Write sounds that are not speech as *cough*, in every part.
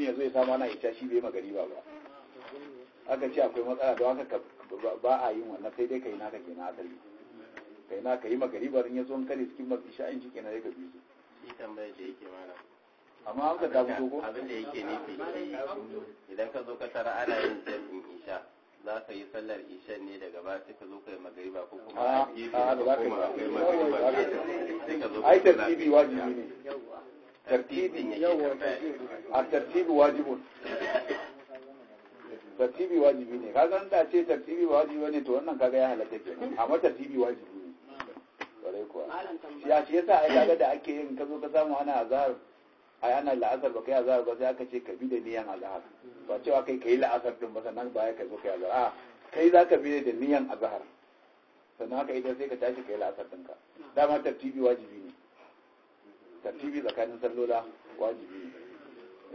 mutum ya zo ya samu ana ita shi bai magari ba aka ce akwai matsala don haka ba a yin wannan sai dai ka naka ke na asali ka yi naka yi magari ba in ya zo kare cikin mafi sha'in shi ke ya gabi amma an ka ta fito ko abin da yake nufi idan ka zo ka tara ana yin jami'in isha za ka yi sallar isha ne daga ba sai ka zo ka yi magariba ko kuma a gefe ko kuma akwai magariba yi wajibi ne tartibin yake a tartibi wajibu. tartibi wajibi ne ka san da ce tartibi wajibi ne to wannan kaga ya halatta ke amma tartibi wajibi ne kwarai kuwa ya ce yasa ai kaga da ake yin ka zo ka samu ana azhar ai ana la'asar ba kai azhar ba sai aka ce ka bi da niyan azhar ba cewa kai kai la'asar din ba sannan baya ka zo kai azhar a kai za ka bi da niyan azhar sannan haka idan sai ka tashi kai la'asar din ka dama tartibi wajibi ne tartibi tsakanin sallola wajibi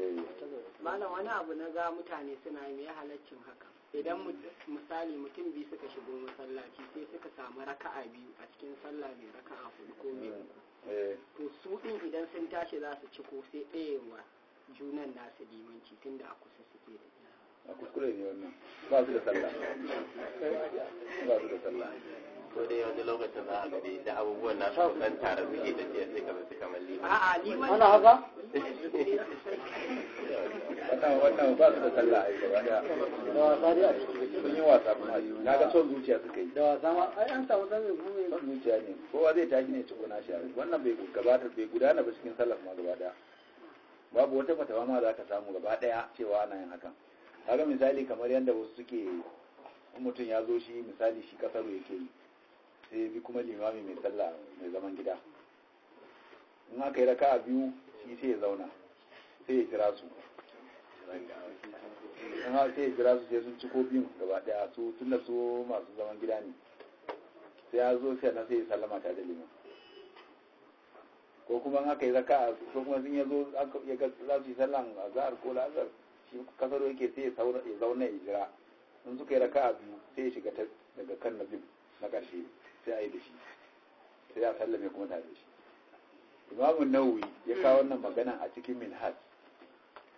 eh. malam wani abu na ga mutane suna yi ya halaccin haka idan misali mutum biyu suka shigo masallaci sai suka samu raka'a biyu a cikin sallah mai raka'a hudu ko mai eh. to su din idan sun tashi za su ci ko sai ɗayewa junan nasu limanci tunda a kusa suke da a kuskure ne wannan ba su da sallah ba su da sallah ko dai wani lokacin za a gari da abubuwan na su tare suke sai haka wannan wannan ba su da sallah ai gaba da wasa dai a ciki sun yi wasa kuma na ga son zuciya suka yi da wasa ma ai an samu zuciya ne kowa zai tashi ne tukuna shi wannan bai bai gudana ba cikin sallah ma gaba daya babu wata fatawa ma za ka samu gaba daya cewa ana yin hakan kaga misali kamar yadda wasu suke mutum ya zo shi misali shi kasaru yake yi sai bi kuma limami mai sallah mai zaman gida in aka yi raka biyu shi sai ya zauna sai ya jira su in aka sai ya jira su sai sun ci ko biyu gaba daya su tun da su masu zaman gida ne sai ya zo sai na sai ya sallama ta da liman ko kuma in aka yi raka ko kuma sun ya zo za su yi sallan azhar ko lazar shi kasaro yake sai ya zauna ya jira in suka yi raka biyu sai ya shiga daga kan na na ƙarshe sai a yi da shi sai a sallame kuma tare da shi imamu Nauyi ya kawo hmm. wannan magana a cikin minhaj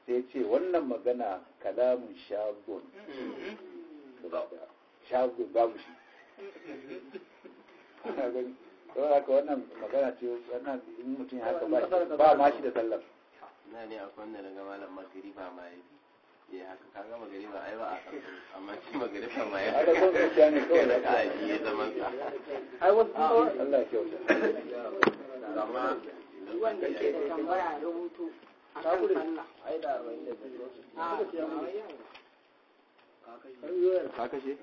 sai ce wannan magana kalamun shagun hmm. shagun babu shi hmm. don haka wannan magana ce wannan in mutum haka ba ma shi da sallar na ne akwai wanda daga malam ba ma yi Eh, kaga magari ba ai ba a amma shi magari ka aji ya zaman ai wasu ah, Allah kyauta *laughs* amma wanda ke da tambaya rubutu a kan sallah ai da 42 ah, ka kashe